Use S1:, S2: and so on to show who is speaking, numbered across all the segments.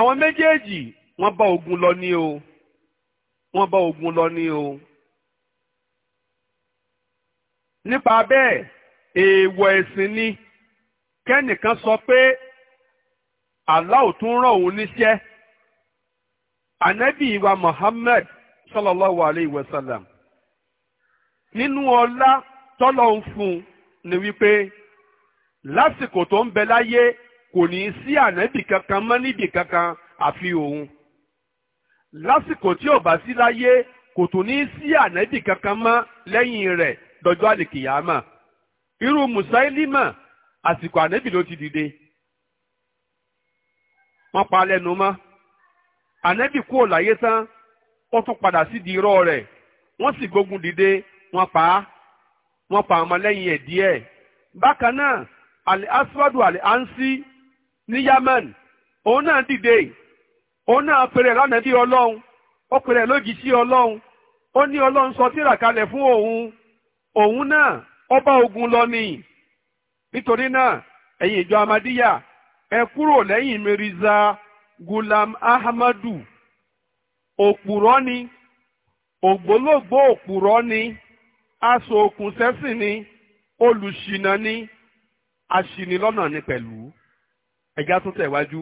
S1: àwọn méjèèjì wọ́n bá ogun lọ ní o wọ́n bá ogun lọ ní o nípa bẹ́ẹ̀ èèwọ̀ ẹ̀sìn ni kẹ́nìkan sọ pé Allah tún rán òun níṣẹ́ ànábì wa Muhammad sallallahu alayhi wa sallam nínú ọlá tọ́lọ́ ń fún ni wípé lásìkò tó ń bẹ láyé kò ní sí kankan mọ́ níbì kankan àfi òun lásìkò tí ò bá sí láyé kò tún ní sí ànábì kankan mọ́ lẹ́yìn rẹ̀ dọjọ́ àlìkìyàmà irú mùsáílímà àsìkò ànábì ló ti dìde wọ́n pa lẹ́nu mọ́ ànábì tán tún padà di irọ́ rẹ̀ wọ́n sì gbógun dìde wọ́n pa á wọ́n pa ẹ̀ díẹ̀ bákan ní Yemen òun náà dìde òun náà pèrè lánàá bí ọlọ́run ó pèrè lójì sí ọlọ́run ó ní ọlọ́run sọ tírà kalẹ̀ fún òun òun náà ó bá ogun lọ ni nítorí náà ẹ̀yin ìjọ amadíyà ẹ kúrò lẹ́yìn Mirza Gulam Ahmadu òpùrọ́ ni ògbólógbò òpùrọ́ ni aṣọ òkùnsẹ́sìn ni olùṣìnà ni aṣìnilọ́nà ni pẹ̀lú ẹ̀já tún tẹ̀wájú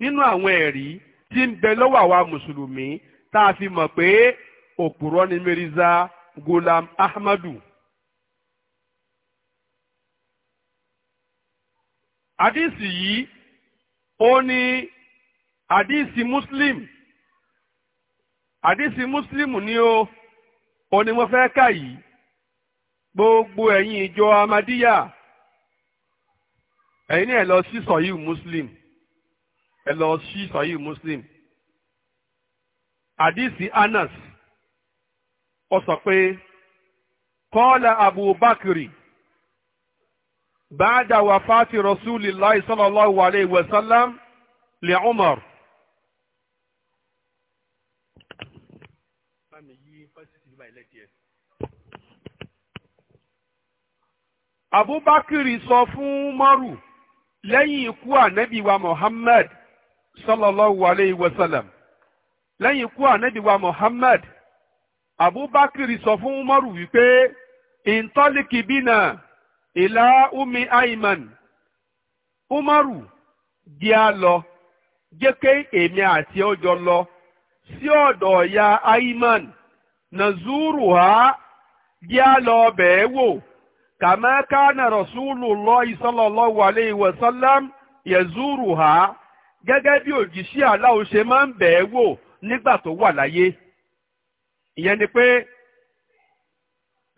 S1: nínú àwọn ẹ̀rí tí ń bẹ lọ́wọ́ àwa mùsùlùmí tá a fi mọ̀ pé òpùrọ́ ni Mirza Ghulam Ahmadu. àdìsí yìí ó ní àdìsí Muslim àdìsí Muslim ni ó ó ní mo fẹ́ kà yìí gbogbo ẹ̀yin ìjọ Amadíyà ẹ̀yin náà ẹ lọ sí sọ̀yí muslim ẹ lọ sí sọ̀yí muslim àdìsí anas ó sọ pé kọ́lá abubakar bàdà wàfàtì rasulillahi sallallahu alayhi wa sallam li umar. abubakar sọ fún umaru. lẹ́yìn ikú ànábì mohammed sallallahu alayhi wa sallam lẹ́yìn ikú ànábì mohammed Muhammad Abubakar sọ fún Umaru wípé ìntọ́líkì bínà ìlà umi aiman Umaru di a lọ jẹ́ kí èmi àti ọjọ́ lọ sí ọ̀dọ̀ ya aiman nàzúrù ha di a lọ wò. kàmá kánà Rasulullahi sallallahu alayhi wa sallam yazuruha gẹ́gẹ́ bí òjìṣẹ́ aláwo ṣe máa ń bẹ̀ ẹ́ wò nígbà tó wà láyé ìyẹn ni pé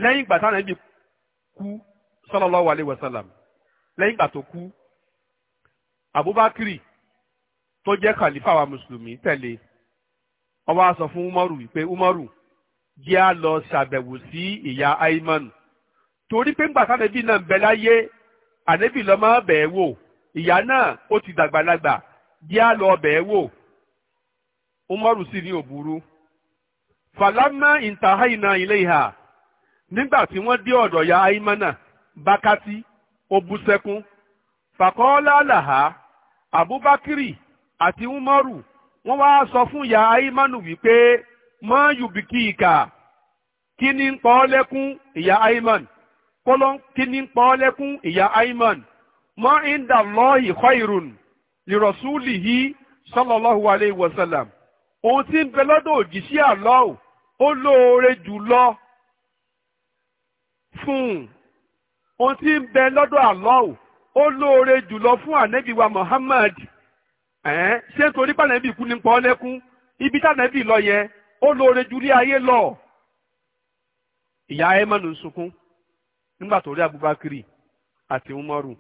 S1: lẹ́yìn ìgbà táwọn ẹbí kú sallallahu alayhi wa sallam lẹ́yìn ìgbà tó kú abubakar tó jẹ́ kàlífà wa mùsùlùmí tẹ̀lé ó wá sọ fún Umaru wípé Umaru jẹ́ á ṣàbẹ̀wò sí ìyá Aimanu torí pé ńgbà sànẹ́bí náà ń bẹ láyé ànẹ́bí lọ́mọ bẹ̀ẹ́ wò ìyá náà ó ti dàgbàlagbà díà lọ bẹ̀ẹ́ wò umaru sì ní òbúrú falama intahaina ilayha nígbà tí wọ́n dé ọ̀dọ̀ ya aimana bakati obusekun bú sẹ́kún abubakiri àti umaru wọ́n wá sọ fún ya aimanu wípé mọ́ yùbìkì ìkà kí ni ń pọ́ lẹ́kún ìyá aiman. kọ́lọ́ kíní ń pa ọ́ lẹ́kún ìyá ayman mọ́ ìdá lọ́ọ̀yì khairun lirasulihi sallallahu alayhi wa sallam ohun tí ń bẹ lọ́dọ̀ òjíṣẹ́ àlọ́ ó lóore jù lọ fún un ohun tí ń bẹ lọ́dọ̀ àlọ́ ó lóore jù lọ fún ànẹ́bí wa Muhammad ẹ̀ẹ́n ṣé nítorí pànẹ́bí kú ní pọ́ lẹ́kún ibi tànẹ́bí lọ yẹ ó lóore jù lé ayé ìyá ẹ̀ sunkún nígbà tó rí Abubakar àti Umaru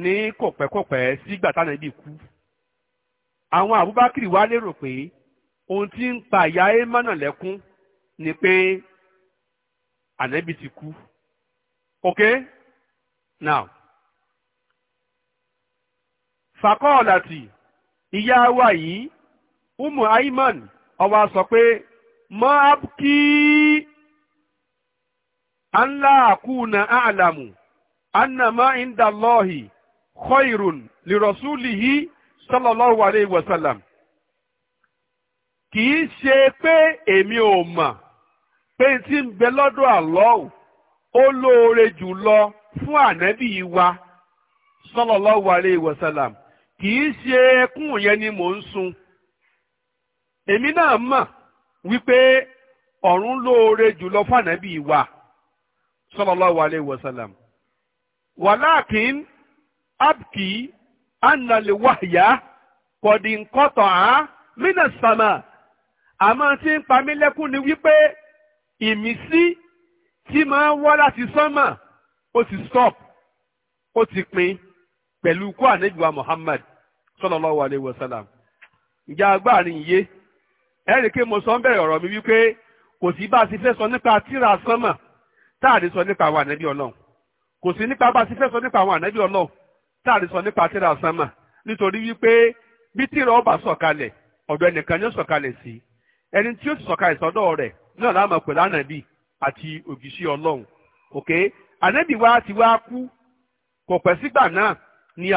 S1: ní kọ̀pẹ́kọ̀pẹ́ sígbà táwọn ibi kú àwọn Abubakar wá lérò pé ohun tí ń pa ìyá emmanuel lẹ́kún ni pé ànábì ti kú ok now fakọọlàtì ìyá wa yìí umu aiman ó wá sọ pé mọ abkí. ألا أكون أعلم أن ما عند الله خير لرسوله صلى الله عليه وسلم kì í ṣe pé èmi ò pé tí ń bẹ lọ́dọ̀ àlọ́ọ̀ ó lóore jù lọ fún ànábì wa sallallahu alayhi wa kì í ṣe ẹkún yẹn ni mò ń sun èmi náà wípé ọ̀run sallallahu alayhi wa sallam. walakin abki anna li wahya qad inqata'a min as-sama àmọ́ tí ń pa mí lẹ́kún ni wípé ìmísí tí máa ń wá láti sánmà ó ti stop ó ti pin pẹ̀lú ikú ànẹ́jùwà Muhammad sallallahu alayhi wa sallam. ǹjẹ́ agbáàrin yìí ẹ̀rì kí mo sọ ń bẹ̀rẹ̀ ọ̀rọ̀ mi wípé kò sí bá a ti fẹ́ sọ nípa tírà sánmà. táàrí sọ nípa àwọn ànábì ọlọ́run kò sí nípa bá a ti fẹ́ sọ nípa àwọn ànábì ọlọ́run táàrí sọ nípa tírà sánmà nítorí wípé bí tíra ọba sọ̀kalẹ̀ ọ̀dọ̀ ẹnìkan ni sọ̀kalẹ̀ sí ẹni tí ó si sọ̀kalẹ̀ sọ́dọ̀ rẹ̀ náà láàmú pẹ̀lú ànábì àti ọlọ́run wa ti wá kú kò pẹ́ sígbà náà ni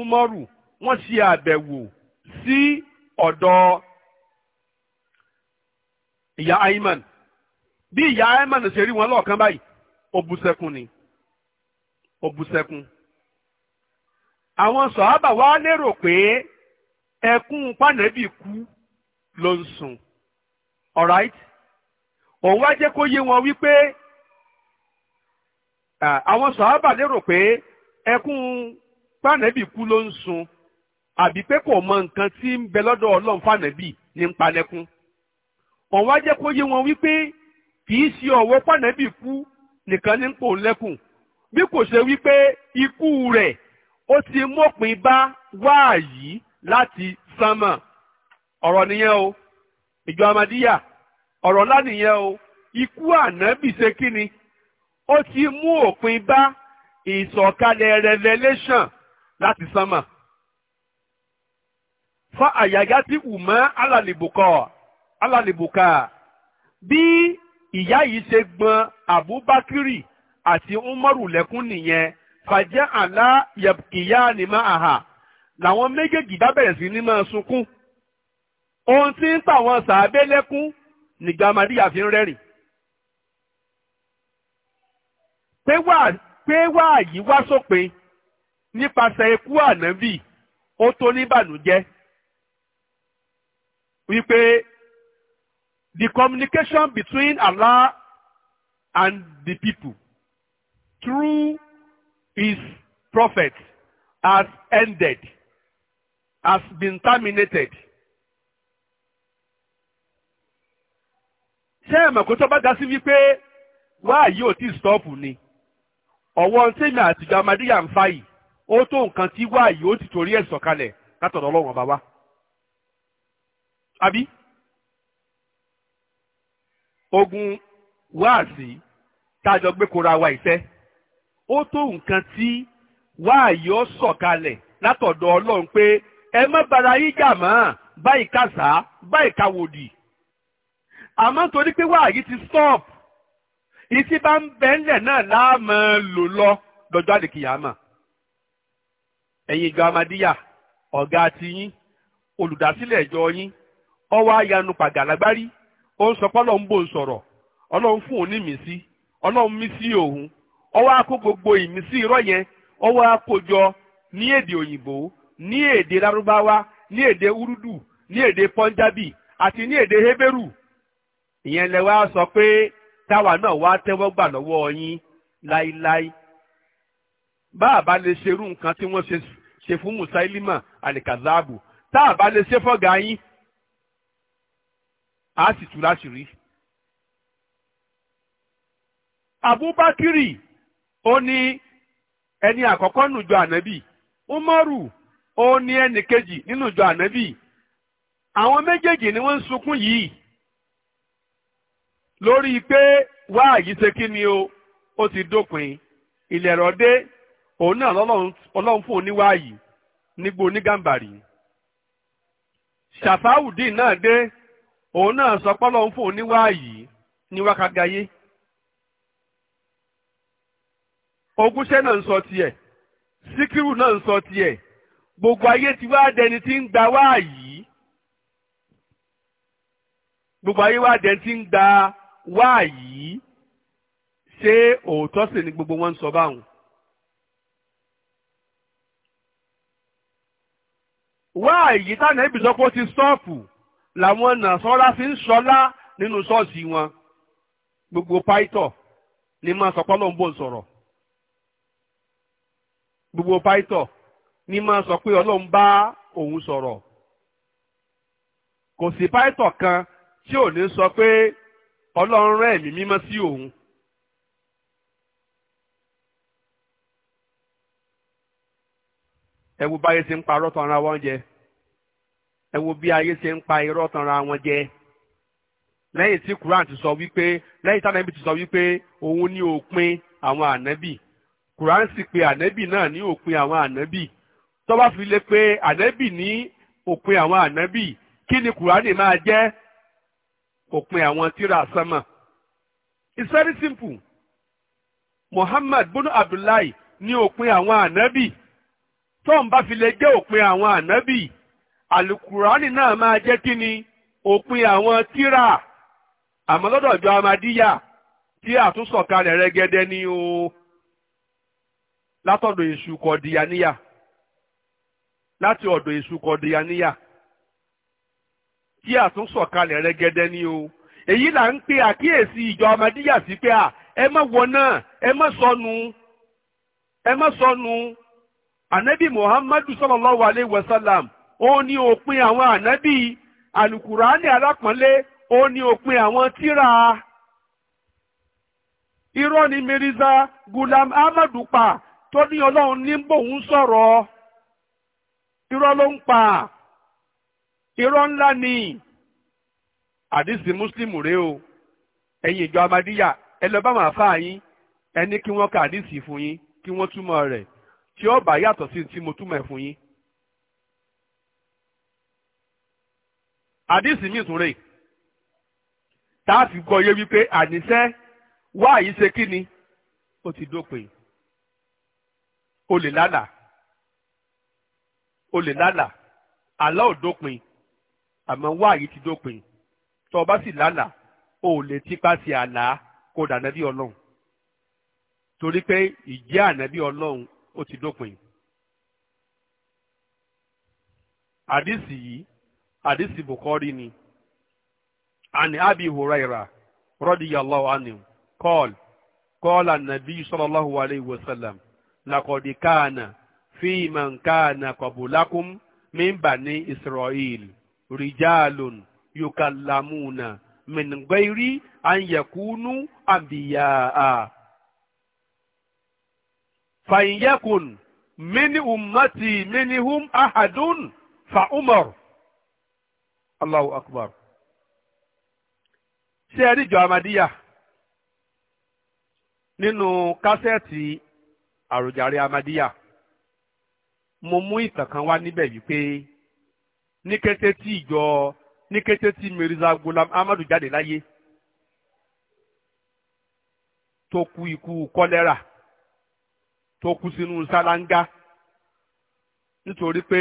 S1: Umaru wọ́n ṣe àbẹ̀wò sí ọ̀dọ̀ ìyá Ayman bí ìyá Ayman ṣe rí wọn lọ́ọ̀kan báyìí ó bú sẹ́kún ni ó bú sẹ́kún. àwọn sọ̀hábà wá lérò pé ẹkún pànẹ́bì kú ló ń sùn alright òun wá jẹ́ kó yé wọn wípé àwọn sọ̀hábà lérò pé ẹkún pànẹ́bì kú ló ń sùn àbí pé kò mọ nǹkan tí ń bẹ lọ́dọ̀ ọlọ́run fànẹ́bì ní ń panẹ́kún òun wá jẹ́ kó yé wọn wípé kì í ṣe ọ̀wọ́ pànẹ́bì kú nìkan ní pò lẹ́kùn bí kò ṣe wípé ikú rẹ̀ ó ti mọ̀pin bá wáàyí láti sánmà ọ̀rọ̀ nìyẹn o ìjọ amadíyà ọ̀rọ̀ ńlá nìyẹn o ikú ànábì ṣe kí ni ó ti mú òpin bá ìsọ̀kalẹ̀ revelation láti sánmà fún àyàgá tí wù mọ́ alàlìbùkọ́ alàlìbùkà bí ìyá yìí ṣe gbọn abubakiri àti umaru lẹ́kún nìyẹn fàjẹ́ àlá yẹ̀kìyá ni máa hà làwọn méjèèjì bá bẹ̀rẹ̀ sí ní máa sunkún ohun tí ń tàwọn sàábé lẹ́kún nígbà màdíyà fi ń rẹ́rìn. pé wàá yìí wá sópin nípasẹ̀ ikú ànábì ó tó níbànújẹ́ wípé the communication between Allah and the people through his prophet has ended, has been terminated. ṣé ẹ̀mọ̀ kó tó bá ga sí wípé wá yìí ò tí ì stọ́ọ̀pù ni ọ̀wọ́ ntẹ́mi àtijọ́ amadíyà ń fa yìí ó tó nǹkan tí wá yìí ti torí ẹ̀ sọ̀kalẹ̀ látọ̀dọ̀ ọlọ́run ọba wa. àbí ogun wáàsí tájọ gbé kóra wa ìfẹ́ ó tó nǹkan tí wáàyí látọ̀dọ̀ ọlọ́run pé ẹ bara jà mọ́ báyìí kàṣá báyìí ti stop ìsí bá ń bẹ́ńlẹ̀ náà lò lọ lọ́jọ́ ẹ̀yin ìjọ amadíyà ọ̀gá olùdásílẹ̀ ìjọ yín ayanu ó ń sọ pé ọlọ́run bò ń sọ̀rọ̀ ọlọ́run fún òun ní ìmísí ọlọ́run mí sí òun gbogbo ìmísí irọ́ yẹn ó wá ní èdè òyìnbó ní èdè lárúbáwá ní èdè urdu ní èdè pọ́njábì àti ní èdè ìyẹn wá sọ pé táwa náà wá tẹ́wọ́ gbà lọ́wọ́ yín láíláí bá a bá lè ṣerú nǹkan tí wọ́n ṣe fún musailima alikazaabu tá a bá lè ṣe a sì tú láṣìírí. abubakiri ó ní ẹni àkọ́kọ́ nùjọ ànábì umaru ó ní ẹni kejì nínú ìjọ ànábì àwọn méjèèjì ni wọ́n ń sunkún yìí lórí pé wáàyí ṣe kí ni o ó ti dópin ìlẹ̀rọ̀ dé òun náà ọlọ́run fún oníwáàyí nígbó onígàmbàrí ṣàfáwùdí náà dé òun náà sọ pọ́lọ́ ń fún oníwáàyí ní wákàgáyé ogúnṣẹ́ náà ń sọ tiẹ̀ síkírù náà ń sọ tiẹ̀ gbogbo ayé ti wá dẹni tí ń gba wáàyí gbogbo ayé wá dẹni tí ń gba wáàyí ṣé òótọ́ sì ni gbogbo wọn ń sọ báwọn. wáàyí táwọn ẹbí sọ pé ó ti sọ́ọ̀pù làwọn nàṣọ́lá fi ń sọlá nínú ṣọ́ọ̀ṣì wọn gbogbo pàìtọ̀ ni máa sọ pọ́lọ́ ń bò ń sọ̀rọ̀ gbogbo pàìtọ̀ ni máa sọ pé ọlọ́run bá òun sọ̀rọ̀ kò sí pàìtọ̀ kan tí ò ní sọ pé ọlọ́run rán ẹ̀mí mímọ́ sí òun. ẹ wo báyé ti ń parọ́ tán ara wọn jẹ ẹ bí ayé ṣe ń pa irọ́ tanra wọn jẹ lẹ́yìn tí Quran ti sọ wípé lẹ́yìn tí anabi ti sọ wípé òun ni òpin àwọn anabi Quran sì pé anabi náà ní òpin àwọn anabi tó fi lè pé anabi ní òpin àwọn anabi kí ni Quran máa jẹ́ òpin àwọn tíra sánmà it's very simple Muhammad bunu Abdullahi ní òpin àwọn anabi tó ń bá fi lè jẹ́ òpin àwọn anabi. alukurani náà máa jẹ́ kí ni òpin àwọn tíra àmọ́ amadíyà tí o látọ̀dọ̀ èṣù kọ̀dìyàníyà láti ọ̀dọ̀ èṣù kọ̀dìyàníyà tí ní o èyí là ń pe àkíyèsí ìjọ amadíyà sí pé à ẹ má wọ náà ẹ sọnù ẹ muhammadu ó ní òpin àwọn ànábì àlùkùránì alápọ̀nlé ó ní òpin àwọn tíra irọ́ ni Mirza Gulam Ahmadu pa tó ní ọlọ́run ní bòun sọ̀rọ̀ irọ́ ló ń pa irọ́ ńlá ni àdìsí mùsùlùmù rèé o ẹ̀yin ìjọ amadíyà ẹ lọ bá wọn àfáà yín ẹ kí wọ́n ka àdìsí fún yín kí wọ́n túmọ̀ rẹ̀ tí ó bá yàtọ̀ sí tí mo túmọ̀ ẹ̀ fún yín. àdìsí mi ìtúnrè tá a fi gbọ́ yé wípé àníṣẹ́ wá yìí ṣe kí ni ó ti dópin o lè lálàá o lè lálàá àlá ò dópin àmọ́ wá yìí ti dópin tó o bá sì lálàá o ò lè tipa sí àlá kó dànàbí ọlọ́run torí pé ìjẹ́ ànábí ọlọ́run ó ti dópin àdìsí yìí àdìsí Bukhari ni àní Abi Huraira radiyallahu anhu qala qala an-nabiy sallallahu alayhi wa sallam laqad kana fi man kana qablakum min bani Isra'il rijalun yukallamuna min ghairi an yakunu anbiya'a fa yakun min ummati minhum ahadun fa umar Allahu akbar ṣé ẹ ìjọ amadiya nínú kásẹ̀tì àròjàre amadiya mo mú ìtàn kan wá níbẹ̀ wípé ní kété tí ìjọ ní kété tí Mirza Gulam Amadu jáde láyé tó kú ikú kọ́lẹ́rà tó kú sínú ṣáláńgá nítorí pé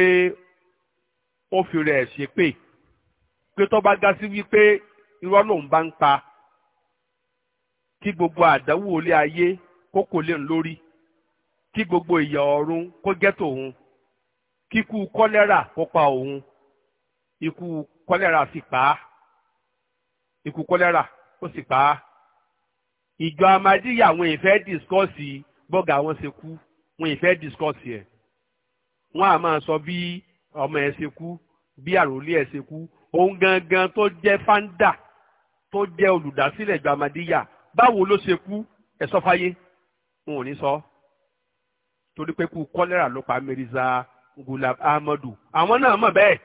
S1: ó fi rẹ̀ pé tó bá ga sí wípé irọ́ lòun bá ń pa kí gbogbo àdánwò ilé ayé kó kò lè lórí kí gbogbo ìyà ọ̀run kó jẹ́ tòun kíkú kọ́lẹ́rà kó pa òun ikú kọ́lẹ́rà sì pa á ikú kọ́lẹ́rà ó sì pa á ìjọ amadíyà wọn ìfẹ́ dìskọ́sì bọ́gà wọn ṣe kú wọn ìfẹ́ dìskọ́sì ẹ̀ wọ́n á máa sọ bí ọmọ ẹ̀ ṣe kú bí àròlé ẹ̀ ṣe kú òun gangan tó jẹ́ fáńdà tó jẹ́ olùdásílẹ̀ gbàmàdíyà báwo ló ṣe kú ẹ sọ fáyé wọn ò ní sọ torí pé kú kọ́lẹ́rà ló pa Mirza Ghulam amadu àwọn náà mọ̀ bẹ́ẹ̀.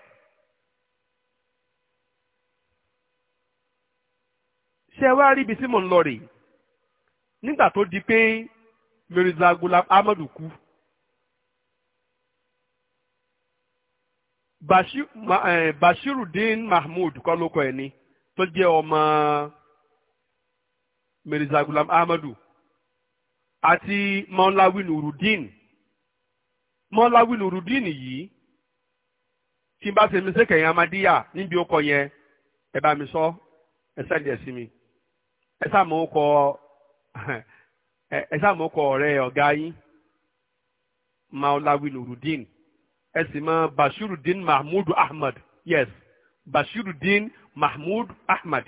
S1: ṣé ẹ wá rí ibi tí mò ń lọ rèé nígbà tó di pé Mirza Ghulam Ahmadu kú Eh, Bashirudin Mahmood kọ́ ló kọ ẹ̀ ni tó jẹ́ ọmọ Mirza Ahmadu àti Mọ́láwí Nurudin Mọ́láwí Nurudin yìí tí n bá ṣe mi sékè yẹn amadíyà níbi ó kọ yẹn ẹ bá mi sọ ẹ sẹ́ni ẹ̀ sí mi ẹ sáà mọ̀ kọ ẹ sáà mọ̀ kọ ọ̀rẹ́ ọ̀gá yín Mọ́láwí Nurudin ẹ sì mọ Bashiruddin Mahmood Ahmad yes Bashiruddin Mahmood Ahmad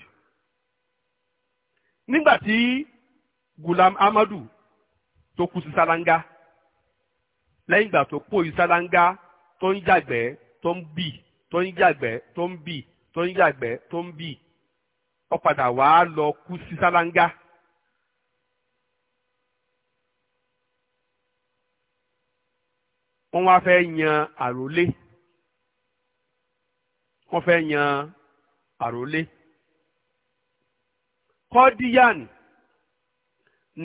S1: nígbà tí Gulam Amadu tó kú sí sálángá lẹ́yìn ìgbà tó pòyì sálángá tó ń yàgbẹ́ tó ń bì tó ń yàgbẹ́ tó ń bì tó ń yàgbẹ́ tó ń bì ó padà lọ kú sí sálángá. wọ́n wá fẹ́ yan àròlé wọ́n fẹ́ yan àròlé kọ́díyàn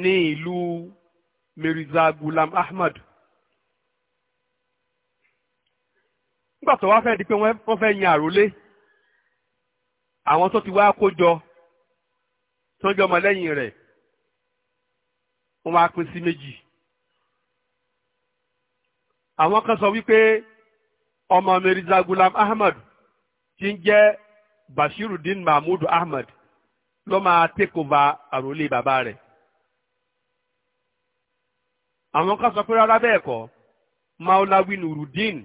S1: ní ìlú Mirza Gulam Ahmad nígbà tó wá fẹ́ di pé wọ́n fẹ́ yan àròlé àwọn tó ti wá kó jọ tó jọ ọmọlẹ́yìn rẹ̀ wọ́n wá pín sí méjì àwọn kan sọ wípé ọmọ Mirza Gulam Ahmad ti ń jẹ́ Bashiruddin Mahmud Ahmad ló máa tẹ́kọ̀ọ́ba àròlé bàbá rẹ̀. àwọn kan sọ pé rárá bẹ́ẹ̀ kọ́ Maulawi Nuruddin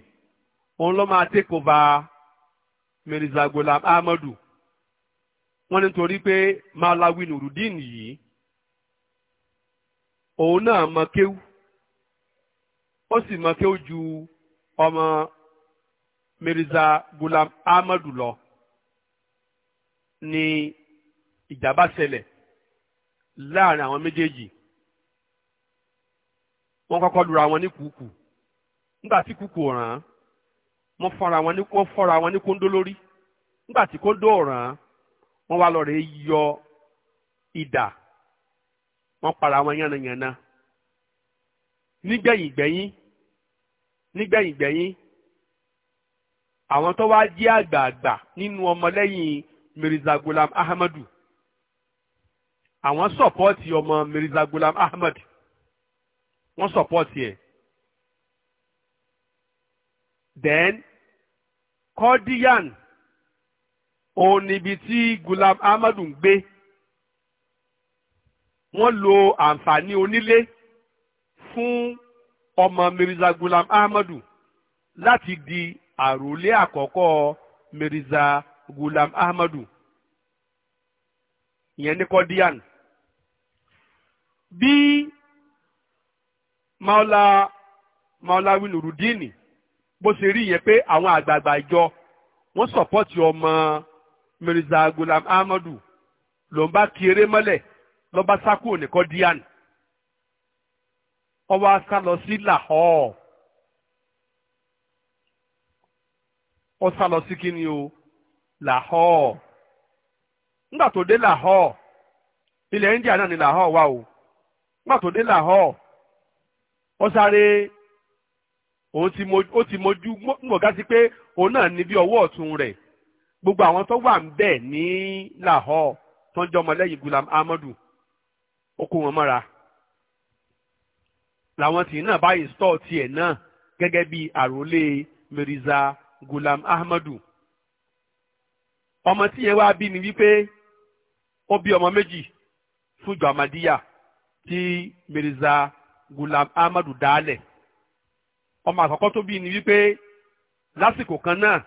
S1: òun ló máa tẹ́kọ̀ọ́ba Mirza Gulam Ahmadu wọ́n ní torí pé Maulawi Nuruddin yìí òun náà mọ kéwù ó sì mọ kí ó ju ọmọ Mirza Gulam Ahmadu lọ ni ìjà bá ṣẹlẹ̀ láàrin àwọn méjèèjì wọ́n kọ́kọ́ lura wọn ní kùkù nígbà tí kùkù ràn án wọ́n fọ́ra wọn ní wọ́n fọ́ra wọn ní kóńdó lórí nígbà tí kóńdó ràn án wá lọ rè yọ ìdà wọ́n para wọn yánnayànna nígbẹ̀yìn gbẹ̀yìn nígbẹ̀yìngbẹ̀yìn àwọn tó wá jẹ́ àgbààgbà nínú ọmọlẹ́yìn Mirza Ghulam Ahmadu àwọn sọ̀pọ́ọ̀tì ọmọ Mirza Ghulam Ahmad wọ́n sọ̀pọ́ọ̀tì ẹ̀ then Kọ́díyàn òun níbi tí gulam Ahmadu ń gbé wọ́n lo àǹfààní onílé fún ọmọ mirza gulam ahmadu láti di àròlé àkọ́kọ́ mirza gulam ahmadu ìyẹn ní kọ́díyàn bí maula Maula Winurudini, bó ṣe rí yẹn pé àwọn àgbààgbà ìjọ wọ́n sọ̀pọ́tì ọmọ mirza gulam ahmadu ló ń bá kéré mọ́lẹ̀ ló sákò ní kọ́díyàn. ó wá sá lọ sí Lahore ó sá lọ sí kíni o Lahore nígbà tó dé Lahore ilẹ̀ India náà ni Lahore wà o nígbà tó dé Lahore ó sáré ó ti mojú mọ̀gá sí pé òun náà ní bí ọwọ́ ọ̀tún rẹ̀ gbogbo àwọn tó wà ń bẹ̀ ní Lahore tó ń jẹ́ ọmọlẹ́yìn Gulam Ahmadu ó kó wọn mọ́ra làwọn tì náà bá install tiẹ̀ náà gẹgẹ bí àròlé Mirza Gulam Ahmadu ọmọ tí yẹn wá bí ni wípé ó bí ọmọ méjì fún ìjọ tí Mirza Gulam Ahmadu dálẹ̀ ọmọ akọkọ tó bí ni wípé lásìkò kan náà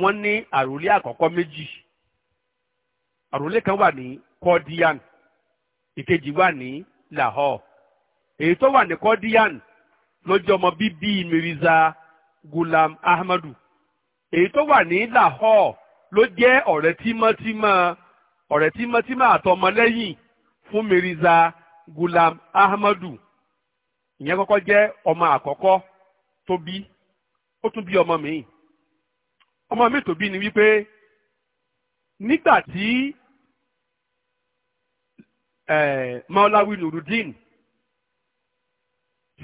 S1: wọn ní àròlé akọkọ méjì àròlé kan wà ní Kọ́díyàn ìkejì wà ní Lahore èyí tó wà ní kọ́díyàn lọ́jọ́ ọmọ bíbí mirza gulam ahmadu èyí tó wà ní lahore ló jẹ́ ọ̀rẹ́ tímọ́tímọ́ ọ̀rẹ́ tímọ́tímọ́ àtọmọlẹ́yìn fún mirza gulam ahmadu ìyẹn kọ́kọ́ jẹ́ ọmọ àkọ́kọ́ tó bí ó tún bí ọmọ míì ọmọ míì tó bí ni wípé nígbà tí eh, maulawi nurudin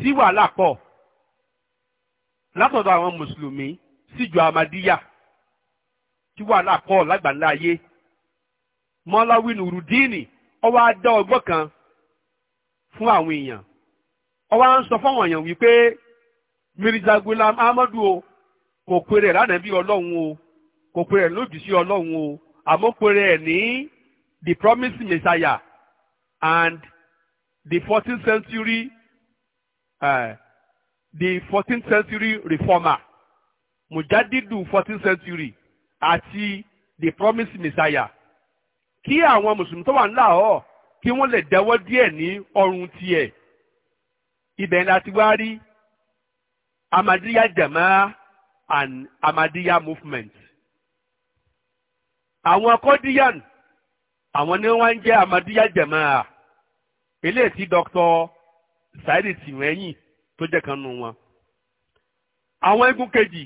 S1: tí wàhálà pọ̀ látọ̀dọ̀ àwọn mùsùlùmí síjọ amadíyà tí wàhálà pọ̀ lágbàńlá ayé mọ́láwí nùrùdíìnì ọwọ́ adá ọgbọ́n kan fún àwọn èèyàn ọwọ́ à ń sọ fáwọn èèyàn wípé Mirza Gulam Ahmadu o kò pèrè lánàbí ọlọ́run o kò pèrè lójúsí ọlọ́run o àmọ́ pèrè ẹ̀ ní the promised messiah and the fourteenth century Eh, the 14th century reformer mujadidu 14th century àti the promised messiah kí àwọn mùsùlùmí tó wà ńlá ọ̀ kí wọ́n lè dẹ́wọ́ díẹ̀ ní ọrùn tiẹ̀ ibẹ̀ ni a ti wá rí Ahmadiyya Jama'a and Ahmadiyya movement àwọn Qadian àwọn ni wọ́n ń jẹ́ Ahmadiyya Jama'a eléyìí tí Dr. Saidi tìwẹ́yìn tó jẹ́ kan nù wọn. àwọn igun kejì